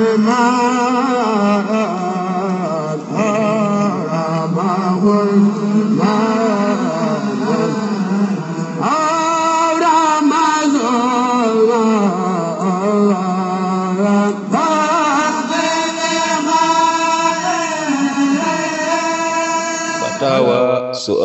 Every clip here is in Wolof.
الماء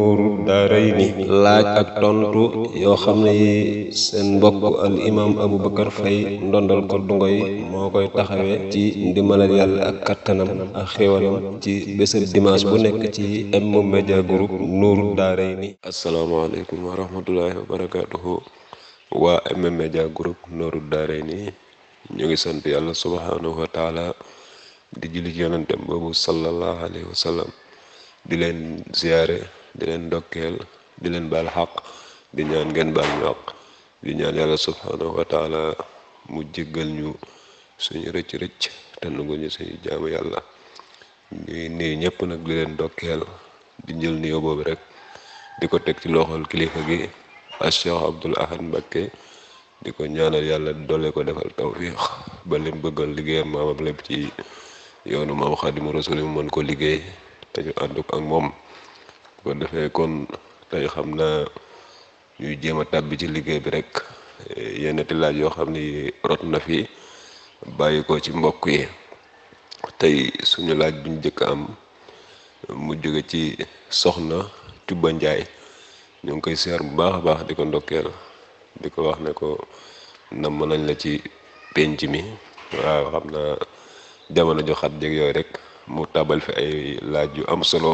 nuuru daarayni laaj ak tontu yoo xam ne yi seen mbokk al imaam Aboubacar Faye ndondal ko dungoy moo koy taxawee ci ndimbalal yàlla ak kattanam ak xéwalam ci bésëb dimanche bu nekk ci M Media Group nuuru daarayni asalaamaaleykum wa M Media Group nooru daarayni ñu ngi sant yàlla subhaanahu wa di julli ci yonentem boobu sallallahu alayhi di leen ziyaare di leen ndokkeel di leen baal xaq di ñaan ngeen baal ñu xaq di ñaan yàlla subhaanahu wa taala mu jéggal ñu suñu rëcc rëcc te nangu ñu suñu jaamu yàlla ñuy nii ñëpp nag di leen ndokkeel di jël nuyoo boobu rek di ko teg ci loxol kilifa gi ak Cheikh Ahad Mbacké di ko ñaanal yàlla doole ko defal tawfiix ba lim bëggal liggéeyam maamam lépp ci yoonu maam Xaadimu Rasuul mu mën ko liggéey te ñu ànd ak moom bu ko defee kon tey xam na ñuy jéem a tàbbi ci liggéey bi rek eh, yenn ti laaj yoo xam ni rot na fi bàyyi ko ci mbokk yi tey suñu laaj bu ñu njëkk am mu jóge ci soxna Tuba Njaay ñu ngi koy seer bu baax a baax di ko ndokkeel di ko wax ne ko namm nañ la ci penc mi waaw xam naa jamono ju xat jéeg yooyu rek mu tabal fi ay laaj yu am solo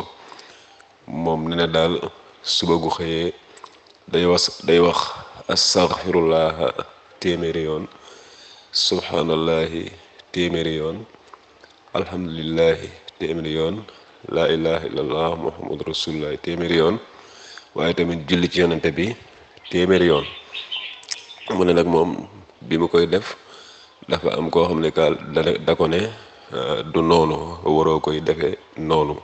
moom nee na daal suba xëyee day wax day wax astaghfirullaha téeméeri yoon subhanallahi téeméeri yoon alhamdulillahi téeméeri yoon laa ilaha illallah muhammadu rasulullahi téeméeri yoon waaye tamit julli ci yonante bi téeméeri yoon mu ne nag moom bi mu koy def dafa am koo xam ne kaal da ah, du noonu waroo koy defe noonu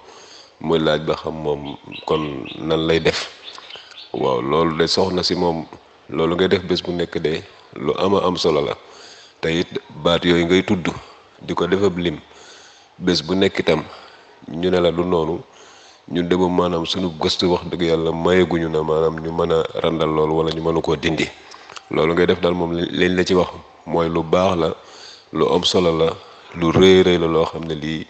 muy laaj ba xam moom kon nan lay def waaw loolu de soxna si moom loolu ngay def bés bu nekk de lu ama am solo la te it baat yooyu ngay tudd di ko defab lim bés bu nekk itam ñu ne la du noonu ñun de moom maanaam sunu gëstu wax dëgg yàlla ñu na maanaam ñu mën a randal loolu wala ñu mënu koo dindi loolu ngay def daal moom lañ la ci wax mooy lu baax la lu am solo la lu rëy rëy la loo xam ne lii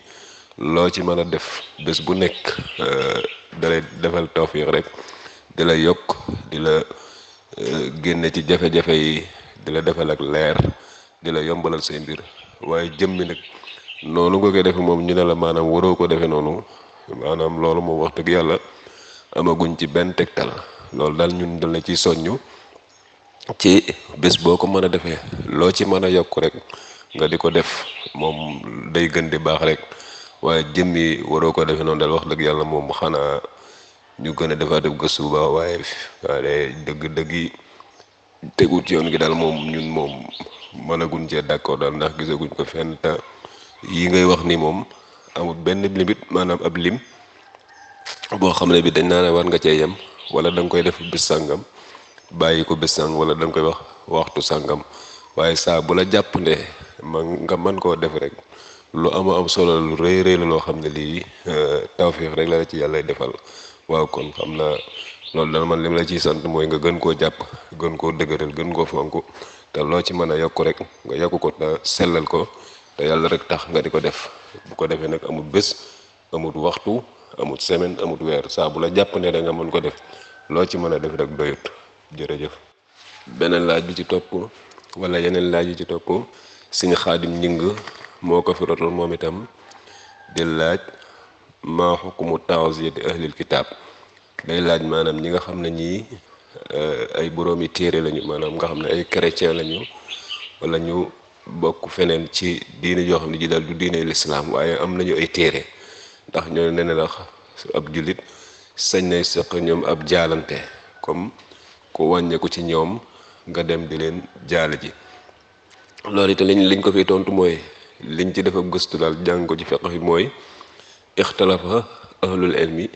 loo ci mën a def bés bu nekk euh, da lay defal tawfiix rek di la yokk di la euh, génne ci jafe-jafe yi di la defal ak leer di la yombalal say mbir waaye bi nag noonu nga koy defe moom ñu ne la maanaam waroo ko defe noonu maanaam loolu moom wax dëgg yàlla amaguñ ci benn tegtal loolu daal ñun dal na ci soññu ci bés boo ko mën a defee loo ci mën a yokk rek nga di ko def moom day gën di baax rek waaye jëm yi waroo ko defee noonu daal wax dëgg yàlla moom xanaa ñu gën a defaat gëstu bu baax waaye waaye dëgg dëgg yi tegu ci yoon gi daal moom ñun moom mënaguñ cee d'accord daal ndax gisaguñ ko fenn te yi ngay wax ni moom amul benn limite maanaam ab lim boo xam ne bi dañ naa ne war nga cee yem wala danga koy def bis sàngam bàyyi ko bés sàng wala da koy wax waxtu sàngam waaye saa bu la jàppandee ma nga mën koo def rek lu ama am solo lu rëy rëy la loo xam ne lii euh, tawfiix rek la la ci yàlla defal waaw kon xam naa loolu dana man li ma la ci sant mooy nga gën koo jàpp gën koo dëgëral gën koo fonk te loo ci mën a yokk rek nga yokk ko te sellal ko te yàlla rek tax nga di ko def bu ko defee nag amul bés amul waxtu amul semaine amul weer saa la jàpp ne da nga mën ko def loo ci mën a def rek doyut jërëjëf. beneen laaj bi ci topp wala yeneen laaj yi ci topp suñu xaadim njëng moo ko fi rotal moom itam di laaj ma xukumu tanziyati ahlil kitaab day laaj maanaam ñi nga xam ne ñii eh, ay boroomi téere lañu maanaam nga xam ne ay chrétien lañu wala ñu bokk feneen ci diine joo xam ne ji daal du diine lislaam waaye am nañu ay téere ndax ñoo ne ne su ab julit sañ nay sëq ñoom ab jaalante comme ku wàññeeku ci ñoom nga dem di leen jaal ji loolu te itam liñ ko fi tontu mooy liñ ci def ab gëstu daal jàng ko ci fiqh yi mooy ixtalafa ahlul ilmi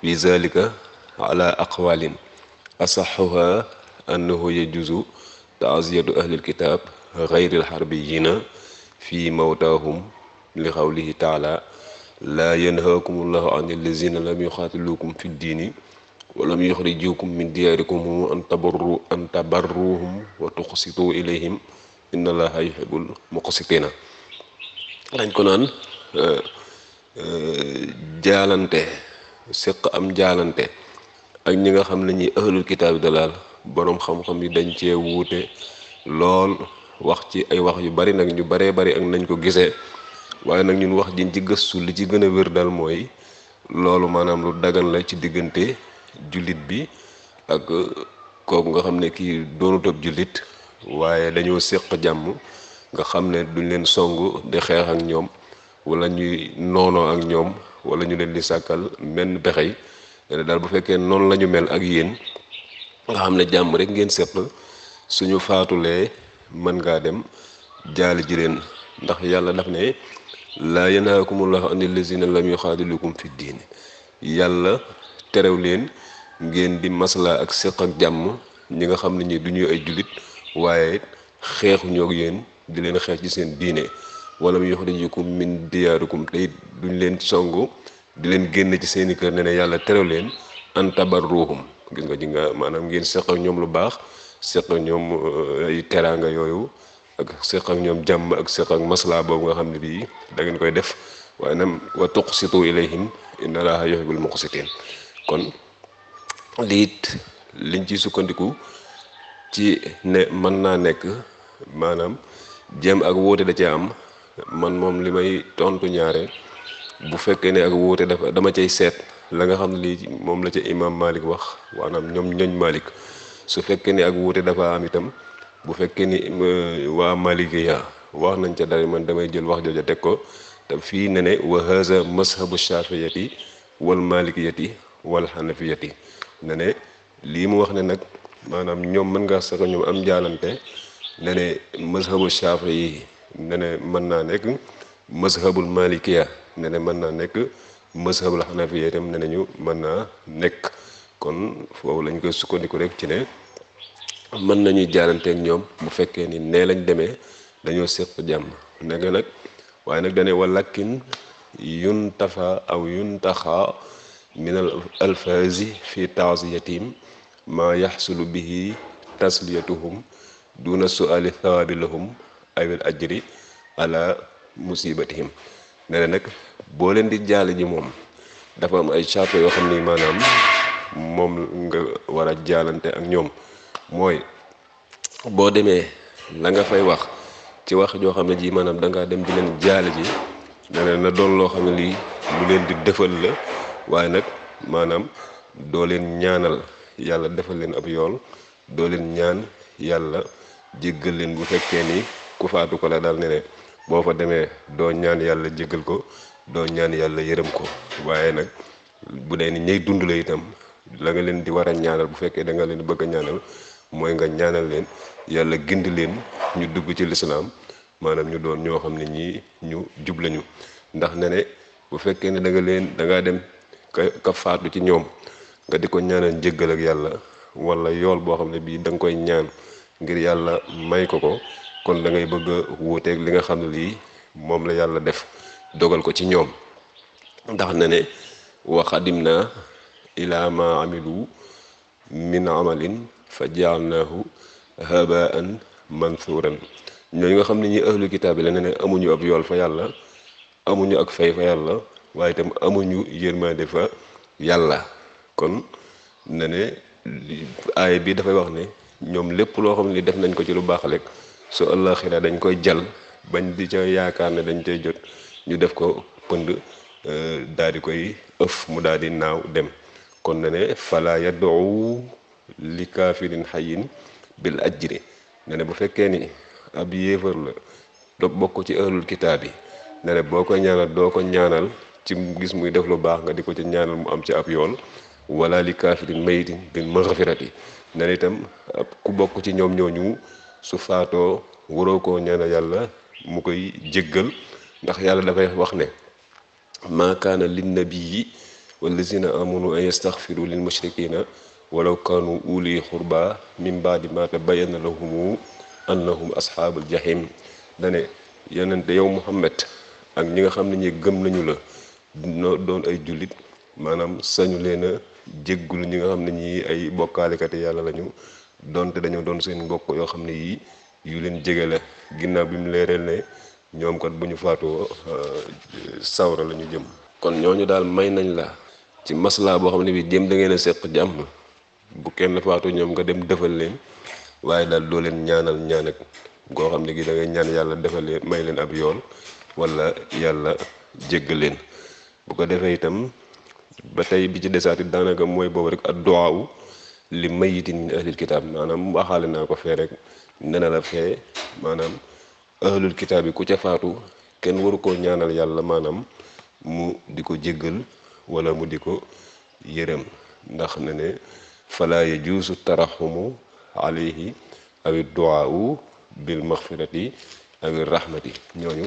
fi zalika ala aqwalin asaxuha annahu yajuzu taaziyatu ahlil kitab xayril xarbiyina fi mawtahum li xawlihi taala laa yanhaakum allahu an allazina lam yuxaatilukum fi ddiini walam yuxrijukum min diyaarikum an tabarru an tabarruhum wa tuqsitu ilayhim inna allaha yuhibbul muqsitina dañ ko naan euh, euh, jaalante séq am jaalante ak ñi nga xam ne ñi ahlul kitaabi dalaal boroom xam-xam yi dañ cee wuute lool wax ci ay wax yu bari nag ñu baree bari ak nañ ko gisee waaye nag ñun wax jiñ ci gëstu li ci gën a wér daal mooy loolu maanaam lu dagal la ci diggante jullit bi ak kooku nga xam ne kii doonutab jullit waaye dañoo séq jàmm nga xam ne duñ leen song di xeex ak ñoom wala ñuy noonoo ak ñoom wala ñu leen di sàkkal menn pexey daal bu fekkee noonu la ñu mel ak yéen nga xam ne jàmm rek ngeen seq suñu faatulee mën ngaa dem jaali ji leen ndax yàlla daf ne laa yanhaakumullahu anil lazina lam yuxaadilukum fi diin yàlla terew leen ngeen di maslaa ak seq ak jàmm ñi nga xam ne ñi du ñuy ay jullit waaye xeexu ak yéen di leen xeex ci seen diine wala mu yuxrijukum min diyaarikum te it duñ leen songu di leen génn ci seeni kër ne ne yàlla terew leen an tabarruhum gis nga ji maanaam ngeen seq ñoom lu baax seq ñoom eh, ay teraanga yooyu ak seq ñoom jàmm ak seq ak boobu nga xam ne bii da ngeen koy def waaye nam wa tuqsitu ilayhim inna allaha yuhibbul muqsitin kon liit liñ ci sukkandiku ci ne mën naa nekk maanaam jéem ak wuute da cee am man moom li may tontu ñaare bu fekkee ne ak wuute dafa dama cay seet la nga xam ne moom la ca imam Malik wax waanaam ñoom ñoñ Malik su fekkee ne ak wuute dafa am itam bu fekkee ni euh, waa Malikiya wax nañ ca dara man damay jël wax jooja teg ko te fii ne ne wa haza mazhabu shafiyati wal malikiyati wal xanafiyati ne ne lii mu wax ne nag maanaam ñoom mën ngaa sax ñoom am jaalante ne ne mazhabu shaafi yi ne mën naa nekk mazhabul malikiya ne ne mën naa nekk mazhabul xanafiya itam ne nañu mën naa nekk kon foofu lañ koy sukkandiku rek ci ne mën nañuy jaaranteeg ñoom bu fekkee ni nee lañ demee dañoo séq jàmm nekk nag waaye nag dane walakin yuntafa aw yuntaxa min al alfazi fi taasiyatim ma yaxsulu bihi tasliyatuhum duna suali thawaabi lahum awil ajri ala musibatihim ne na nag boo leen di jaale ji moom dafa am ay charte yoo xam ni maanaam moom nga war a jaalante ak ñoom mooy boo demee la nga fay wax ci wax joo xam ne ji maanaam da dem di leen jaale ji ne na doon loo xam ne lii lu leen di defal la waaye nag maanaam doo leen ñaanal yàlla defal leen ab yool doo leen ñaan yàlla jéggal leen bu fekkee ni ku faatu ko la daal ne boo fa demee doo ñaan yàlla jéggal ko doo ñaan yàlla yërëm ko waaye nag bu dee ni ñay dund la itam la nga leen di war a ñaanal bu fekkee da nga leen bëgg a ñaanal mooy nga ñaanal leen yàlla gind leen ñu dugg ci lislaam maanaam ñu doon ñoo xam ne ñii ñu jub ndax ne bu fekkee ne da leen da dem ka faatu ci ñoom nga di ko ñaanal njéggal ak yàlla wala yool boo xam ne bii danga koy ñaan ngir yàlla may ko ko kon dangay ngay bëgg a wuuteeg li nga xam ne lii moom la yàlla def dogal ko ci ñoom ndax na ne wa qadimna ila ma amilu min amalin fa jaalnaahu habaan mansuuran ñooñu nga xam ne ñi ahlu kitaab yi la ne ne amuñu ab yool fa yàlla amuñu ak fay fa yàlla waaye itam amuñu yërmande fa yàlla kon ne ne aaya bi dafay wax ne ñoom lépp loo xam ni def nañ ko ci lu baax rek su ëllëxira dañ koy jal bañ di ca yaakaar ne dañ cay jot ñu def ko pënd euh, daal di koy ëf mu daal di naaw dem kon na ne fala yad'u li kaafirin xayin bil ajri ne ne bu fekkee ni ab yéefar la do bokk ci ëllul kitaab yi ne boo ko ñaanal doo ko ñaanal ci gis muy def lu baax nga di ko ci ñaanal mu am ci ab yoon wala li kaafirin mayitin bil yi ne itam ku bokk ci ñoom ñooñu su faatoo waroo koo ñaanal yàlla mu koy jéggal ndax yàlla dafay wax ne maa kaana linnabii wallazina amanu an yastaxfiru lil mushrikina walaw kaanu uli xurba min baadi ma tabayyana lahumu annahum ashaabul jahim dane yonente yow muhammad ak ñi nga xam ne ñi gëm nañu la noo doon ay jullit maanaam sañu leen jéggulu ñi nga xam ne ñii ay bokkaalekati yàlla lañu donte dañoo doon seen mbokk yoo xam ne yii yu leen jege la ginnaaw bi mu leereel ne ñoom kat bu ñu faatoo euh, sawra lañu jëm. kon ñooñu daal may nañ la ci maslaa boo xam ne bi jëm da ngeen a seq jàmm bu kenn faatoo ñoom nga dem defal leen waaye daal doo leen ñaanal ñaan goo xam ne gi ñaan yàlla defal leen may leen ab yoon walla yàlla jégg leen bu ko defee itam. ba tey bi ci desaat it daanaka mooy boobu rek ak duwaawu li mayitin min ahlil kitaab maanaam waxaale naa ko fee rek nee na la fee maanaam ahlul kitaab yi ku ca faatu kenn waru koo ñaanal yàlla maanaam mu di ko jéggal walla mu di ko yërëm ndax ne ne falaa yajuusu taraxumu alayhi awi duwaawu bil maxfirati awi rahmati ñooñu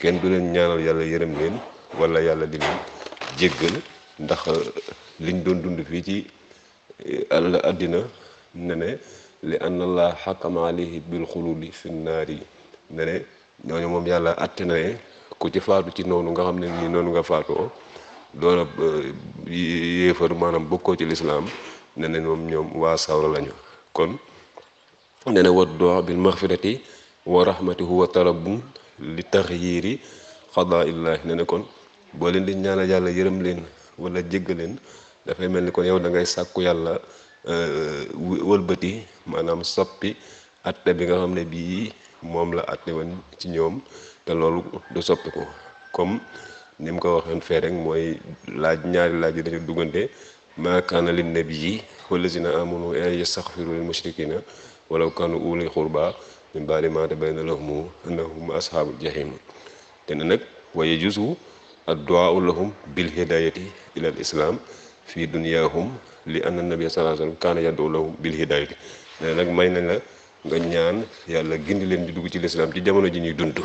kenn du leen ñaanal yàlla yërëm leen wala yàlla di leen jéggal ndax euh, liñ doon dund fii ci euh, àll àddina ne ne li anna allah xakama alayhi bil xuludi fi yi ne ñooñu moom yàlla atte na ne ku ci faatu ci noonu nga xam ne nii noonu nga faatoo loola euh, yéefar maanaam bokkoo ci lislaam ne moom ñoom waa sawra lañu kon ne ne wat doox maxfirati wa rahmati huwa li taxyiiri xadaa illaahi ne kon boo leen di ñaanal yàlla yërëm leen wala jéggaleen dafay mel ni kon yow da ngay sàkku yàlla euh, wëlbati maanaam soppi atte bi nga xam ne bii moom la atte woon ci ñoom te loolu du ko comme ni mu ko waxoon fee rek mooy laaj ñaari laaj yi dañu duggante maa kaana lin nabiyyi wallazina amanu an yastaghfiru lil mushrikina walaw kaanu uli qurba min ba'di ma tabayyana lahum annahum ashabul jahim te nag waye jusu adduaa lahum bil hidayati ila islaam islam fi duniyahum li anna nabia sallallahu alayhi wa sallam kaana yaddu lahum bil hidayati ne nag may nañ la nga ñaan yàlla gindi leen di dugg ci lislaam ci jamono ji ñuy dund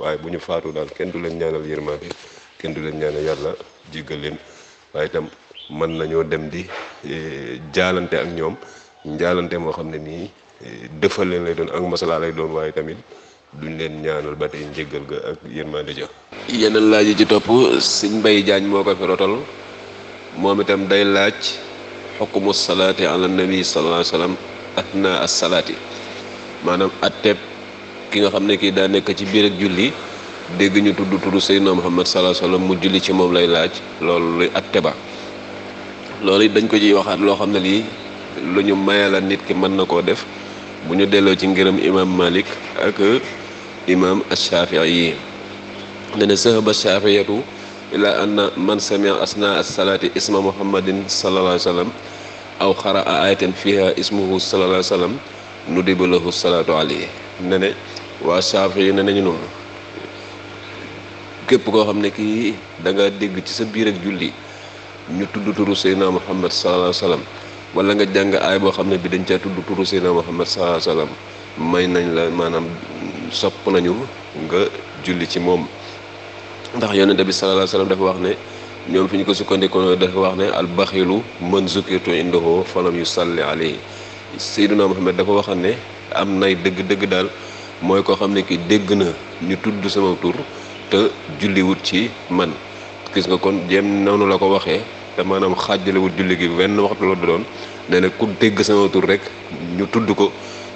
waaye bu ñu faatu daal kenn du leen ñaanal yërmaande kenn du leen ñaanal yàlla jéggal leen waaye itam mën nañoo dem di e, jaalante ak ñoom njaalante moo xam ne nii e, dëfal leen lay doon ak masala lay doon waaye tamit duñ leen ñaanal ba tey njëggal ga ak yërmande ja yeneen laaj yi ci topp sëñ Mbay Jaañ moo ko fi rotal moom itam day laaj xukmu salaati ala nabi sallallahu alayhi wa sallam salaati maanaam atteb ki nga xam ne kii daa nekk ci biir ak julli dégg ñu tudd tudd Seydina Muhammad sallallahu alayhi wa mu julli ci moom lay laaj lool luy atte ba loolu it dañ ko ciy waxaat loo xam ne lii lu ñu mayala nit ki mën na koo def bu ñu delloo ci ngiram imam malik ak imam ashafii yi dana sahaba shafiatu ila anna man samia asna asalaati isma muhammadin sallallahu alayhi aw xara a ayatan ismuhu sallallahu alayhi wa sallam nudiba salaatu alayhi ne waa Shaafi yi ne nañu képp koo xam ne kii danga nga dégg ci sa biir ak julli ñu tudd turu Seydina Muhammad sallallahu alayhi wa sallam wala nga jàng aay boo xam ne bi dañ caa tudd turu Seydina Muhammad sallallahu alayhi wasallam may nañ la maanaam sopp nañu nga julli ci moom ndax yonente bi sallallahu alayhi wasallam dafa wax ne ñoom fi ñu ko sukkandikoo dafa wax ne al baxilu man zukirtu indahu falam yusalli alayhi Seydina Muhammad dafa wax ne am nay dëgg-dëgg daal mooy koo xam ne ki dégg na ñu tudd sama tur te julliwut ci man gis nga kon jéem noonu la ko waxee te maanaam xaajalewul julli gi wenn waxtu la doon nee na ku dégg sama tur rek ñu tudd ko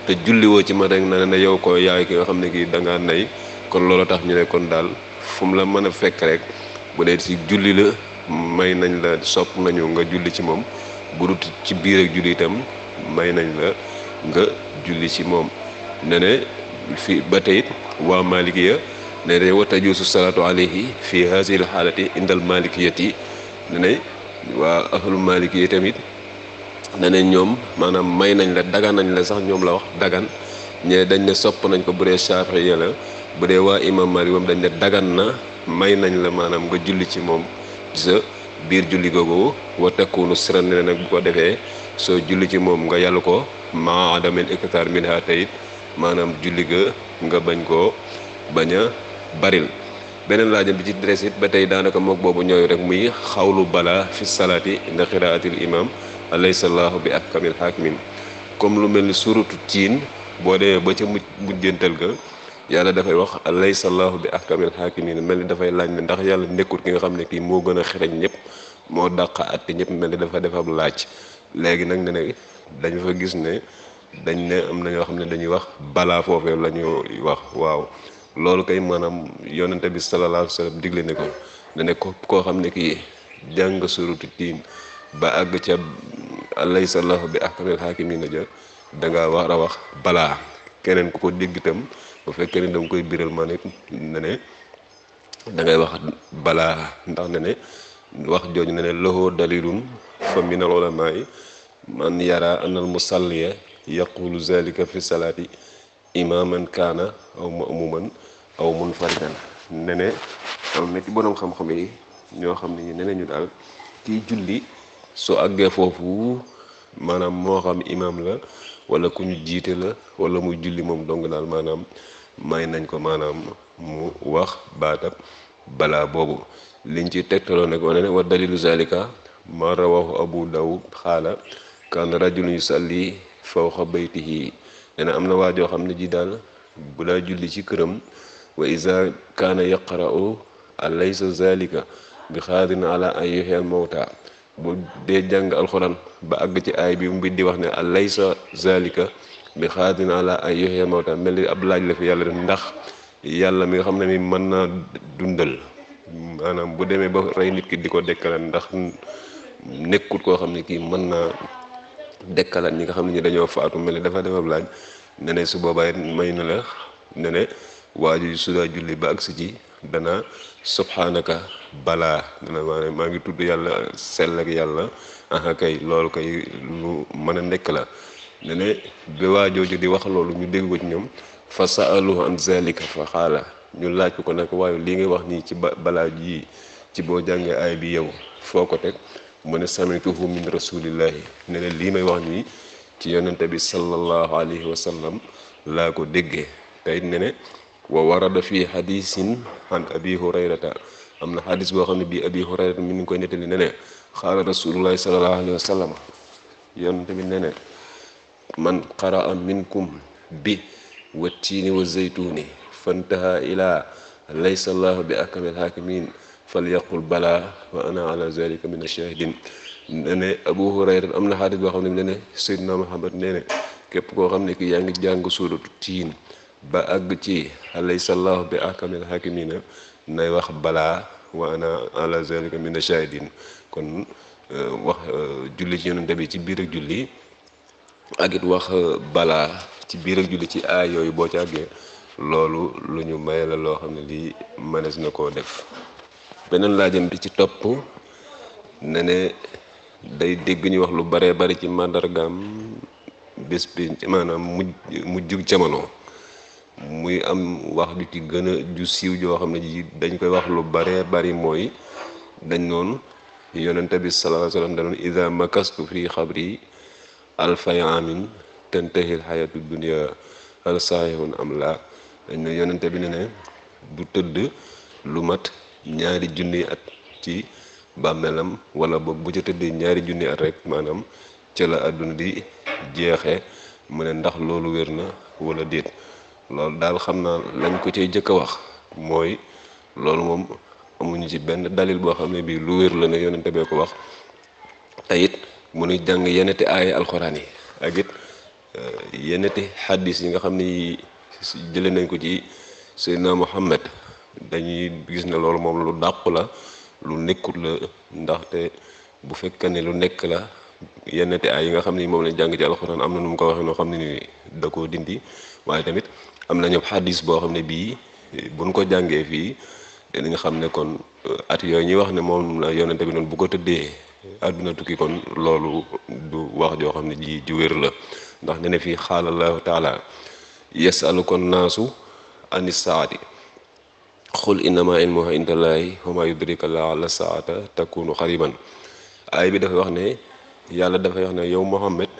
te julli woo ci ma rek na ne yow ko yaay ki nga xam ne kii da nay kon loolu tax ñu ne kon daal fu la mën a fekk rek bu dee ci julli la may nañ la sopp nañu nga julli ci moom bu dut ci biir ak julli itam may nañ la nga julli ci moom ne fi ba tey waa malikiya ne ne wa tajuusu salaatu alayhi fi haazihil xaalati indal malikiyati ne waa ahlu malik yi tamit danañ ñoom maanaam may nañ la dagan nañ la sax ñoom la wax dagan ñee dañ ne sopp nañ ko bu dee Shaafi'i ya la bu dee waa imam malik moom dañ ne dagan na may nañ la maanaam nga julli ci moom sa biir julli googu wa takkuunu siran ne nag bu ko defee soo julli ci moom nga yàllu ko ma adamin hectare min ha tayit maanaam julli ga nga bañ koo bañ a baril beneen laajam bi ci dress it ba tey daanaka moog boobu ñooyu rek muy xawlu bala fi salaati inda qiraatil imam alaysa allahu bi ahkamil hakimin comme lu mel ni suratu ciin boo demee ba ca mujj mujjantal ga yàlla dafay wax alaysa allahu bi ahkamil hakimin mel ni dafay laaj ne ndax yàlla nekkul ki nga xam ne kii moo gën a xereñ ñëpp moo dàq àtte ñëpp mel ni dafa def laaj léegi nag ne ne dañu fa gis ne dañ ne am na ñoo xam ne dañuy wax balaa foofee la ñu wax waaw loolu kay maanaam yonente bi sallallahu alayhi wa sallam digle ne ko dane ko koo xam ne kii jàng suratu tiin ba àgg ca alaysa allahu bi ahkamil haakimiina ja da nga war a wax balaa keneen ku ko dégg itam bu fekkee ne da nga koy biral ma ne ne da ngay wax balaa ndax ne ne wax jooju ne ne lahu dalilun fa min al ulama yi man yara anal musalliya yaqulu zalika fi salaati imaman kaana aw ma'muman aw munfaridan ne ne am xam-xam yi ñoo xam ne ne nañu daal kiy julli soo àggee foofu maanaam moo xam imaam la wala kuñu ñu jiite la wala muy julli moom dong daal maanaam may nañ ko maanaam mu wax baatab balaa boobu liñ ci tegtaloo nag wane ne wa dalilu zalika ma rawahu abu dawud xaala kan rajulun yusalli fawqa baytihi nee na am na waajoo xam ne ji daal bu laa julli ci këram wa isa kaana yaqra'u alaysa zalika bi xaadirin ala an yuhyal mawta bu dee jàng alxuraan ba àgg ci aay bi mu di wax ne alaysa zalika bi xaadirin ala an yuhyal mawta mel ni ab laaj la fi yàlla def ndax yàlla mi nga xam ne mi mën naa dundal maanaam bu demee ba rey nit ki di ko dekkalaat ndax nekkut koo xam ne kii mën naa dekkalaat ñi nga xam ne dañoo faatu mel ni dafa defab laaj ne su boobaa may na la ne ne waaju su daa julli ba agsi ci dana subhanaka balaa dana maa maa ngi tudd yàlla sell ak yàlla aha kay loolu kay lu mën a nekk la ne ne waajooju di wax loolu ñu dégg ko ci ñoom fa saaluhu an zalika fa xaala ñu laaj ko ko nag waaye lii ngay wax nii ci balaa ji ci boo jàngee aay bi yow foo ko teg mu ne samituhu min rasulillahi ne leen lii may wax nii ci yonente bi sallallahu alayhi wa sallam laa ko déggee teyit ne wa warada fi hadisin an abi hurayrata am na xadis boo xam ne bii abi hurayrata mi ngi koy nettali ne ne xaala rasulullahi sallallahu alayhi wa sallam yonente bi ne ne man minkum bi wa tiini fantaha ilaa laysa allahu bi akamil fal yaqul balaa wa ana ala zalika min ashahidin ne ne abu hurayra am na xaadis boo xam ne ne ne seydina muhammad nee ne képp koo xam ne ki yaa ngi jàng suuratu tiin ba àgg ci alaysa allahu bi ahkamil hakimina nay wax balaa wa ana ala zalika min ashahidin kon eh, wax eh, julli ci yonente bi ci biir ak julli ak it wax eh, balaa ci biir ak julli ci aay yooyu boo ci àggee loolu lu ñu may la loo xam ne lii mënees na koo def beneen laajam bi ci topp ne day dégg ñuy wax lu baree bari ci màndargaam bés bi maanaam mujj mujjug jamono muy am wax ju ci gën a ju siiw joo xam ne ji dañ koy wax lu baree bari mooy dañ noonu yonente bi sallallahu alayhi wasallam danoon ida makastu fi xabri alfay amin tentahil xayatu dunia al saahihun am la dañ ne yonente bi ne ne bu tëdd lu mat ñaari junni at ci bàmmeelam wala boog bu ca tëddee ñaari junni at rek maanaam ca la àdduna di jeexe mu ne ndax loolu wér na wala déet loolu daal xam naa lañ ko cay jëkk a wax mooy loolu moom amuñu ci benn dalil boo xam ne bii lu wér la ne yonente bee ko wax te it mu nu jàng yeneti aaya alxuraan yi ak it eh, yeneti yi nga xam ne jëlee nañ ko ci Seydina Muhammad dañuy gis na loolu moom lu dàpp la lu nekkut la ndaxte bu fekkee ne lu nekk la yenn te ay yi nga xam ne moom lañ jàng ci alxuraan am na nu mu ko waxee noo xam ne ni da koo dindi waaye tamit am na ñëpp boo xam ne bii buñ ko jàngee fii dinañ xam ne kon uh, at yooyu ñuy wax ne moom la yonente bi noonu bu ko tëddee àdduna tukki kon loolu du wax joo xam ne ji ju wér la ndax ne ne fii xaalallahu taala yasalu kon naasu anis saati xul innama ilmuha indallahi wama yudrika la saata takunu xariban aay bi dafay wax ne yàlla dafay wax ne yow Muhammad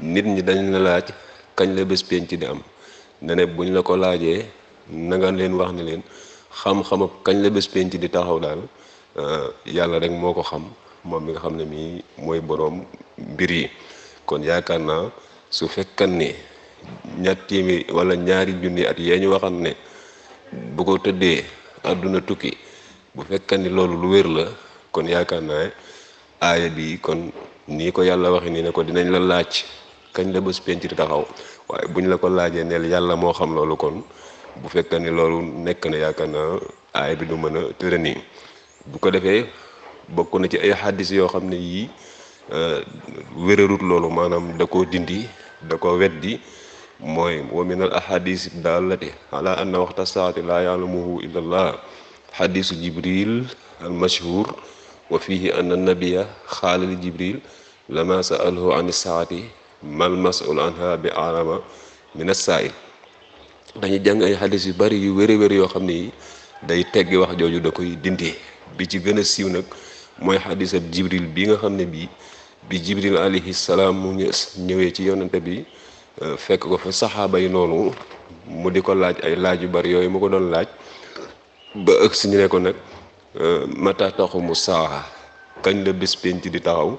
nit ñi dañ la laaj kañ la bés penc di am ne ne buñ la ko laajee na leen wax ne leen xam-xamab kañ la bés penc di taxaw daal eh, yàlla rek moo ko xam moom mi nga xam ne mii mooy boroom mbir yi kon yaakaar naa su fekkan ni ñaar téeméer wala ñaari junni at yee ñu waxan ne bu ko tëddee adduna tukki bu fekkee ni loolu lu wér la kon yaakaar naa aaya bi kon nii ko yàlla waxe nii ne ko dinañ la laaj kañ la bés penc taxaw waaye bu ñu la ko laajee neel yàlla moo xam loolu kon bu fekkee ni loolu nekk na yaakaar naa aaya bi du mën a tëra nii bu ko defee bokk na ci ay xaddis yoo xam ne yii euh, wérarut loolu maanaam da koo dindi da koo weddi mooy wa min al ahadis dallati ala anna waxta saati laa yaalamuhu illa allah xadisu jibril al mashhur wa fihi anna nabiya xaala li jibril lama saalahu an saati mal masul anha bi alama min asaail dañu jàng ay xadis yu bari yu wéri wéri yoo xam ne yi day teggi wax jooju da koy dindi bi ci gën a siiw nag mooy xadis ab jibril bi nga xam ne bii bi jibril alayhi salaam mu ñëwee ci yonante bi Euh, fekk ko fi saxaaba yi noonu mu di ko laaj ay laaj yu bari yooyu mu ko doon laaj ba ëgg si ñu ne ko nag euh, mata mu saaxa kañ la bés penc di taxaw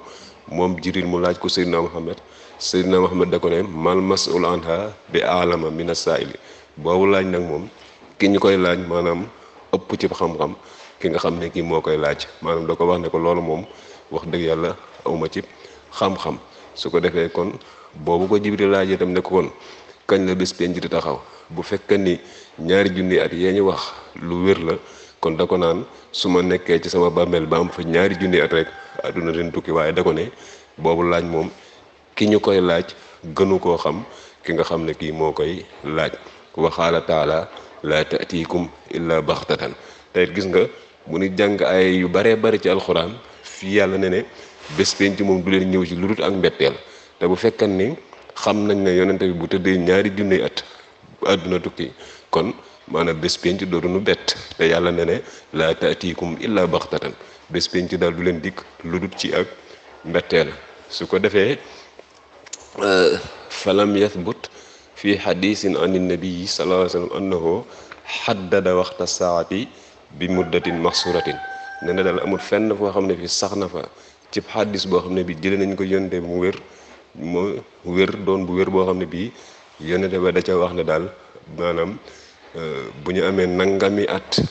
moom Jibril mu laaj ko Seydina Muhammad Seydina Muhammad da ko ne mal masul anha bi alama mina saa'ili boobu laaj nag moom ki ñu koy laaj maanaam ëpp ci xam-xam ki nga xam ne kii moo koy laaj maanaam da ko wax ne ko loolu moom wax dëgg yàlla awma ci xam-xam su ko defee kon boobu ko Jibril laaj itam ne ko kon kañ la bés penc di taxaw bu fekkee ni ñaari junni at yee ñu wax lu wér la kon da ko naan su ma nekkee ci sama bàmmeel ba am fa ñaari junni at rek àdduna ren tukki waaye da ko ne boobu laaj moom ki ñu koy laaj gënu koo xam ki nga xam ne kii moo koy laaj waxaala taala laa taatiikum illaa baxtatan tey gis nga mu ni jàng ay yu baree bari ci alxuraan fii yàlla ne ne bés penc moom du leen ñëw ci lu dut ak mbetteel te bu fekkan ni xam nañ ne yonente bi bu tëddee ñaari junni at àdduna tukki kon maanaam bés penc dootu nu bett te yàlla ne ne laa taatiikum illaa baxtatan bés penc daal du leen dikk lu dut ci ak mbetteel su ko defee euh, falam yathbut fi xadisin an nabii sallallahu alayhi wasallam annahu xaddada waxta saati bi muddatin maxsuratin ne na daal amul fenn foo xam ne fi sax na fa cib xaddis boo xam ne bi jëlee nañ ko yonte mu wér mu wér doon bu wér boo xam ne bii yonente ba da ca wax ne daal maanaam euh, bu ñu amee nangami at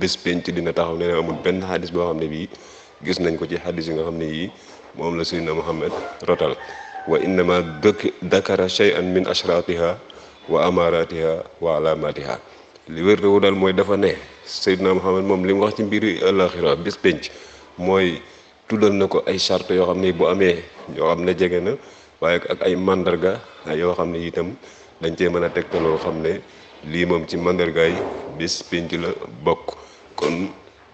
bis penc dina taxaw ne amul benn xadis boo xam ne bii gis nañ ko ci xadis yi nga xam ne yii moom la sayyidina Muhammad rotal wa innama dakara shay'an min ashratiha wa amaratiha wa alamatiha li wér wu daal mooy dafa ne sayyidina Muhammad moom li mu wax ci mbiri alaxira bés penc mooy tuddal na ko ay charte yoo xam ne bu amee yoo xam ne jege na waaye ak ay màndarga yoo xam ne itam dañ cee mën a tegtaloo xam ne lii moom ci mandargaay bis pénc la bokk kon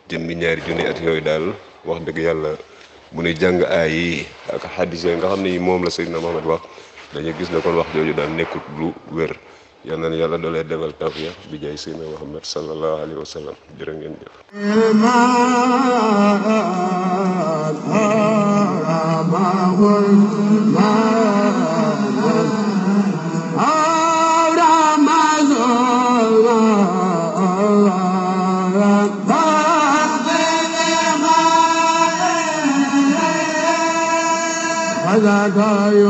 jëmmi ñaari junni at yooyu daal wax dëgg yàlla bu nuy jàng aay yi ak xaddis yooyu nga xam ne moom la na Muhammad wax dañuy gis ne kon wax jooju daal nekkut lu wér yal na yàlla doolee defal tawfiq bi jaay Seydina Muhammad sallallahu alayhi wa sallam jërë fatawa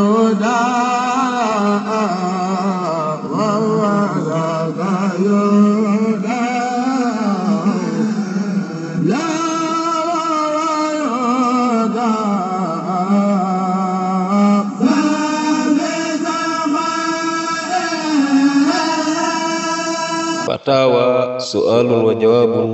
su'alun wa jawaabun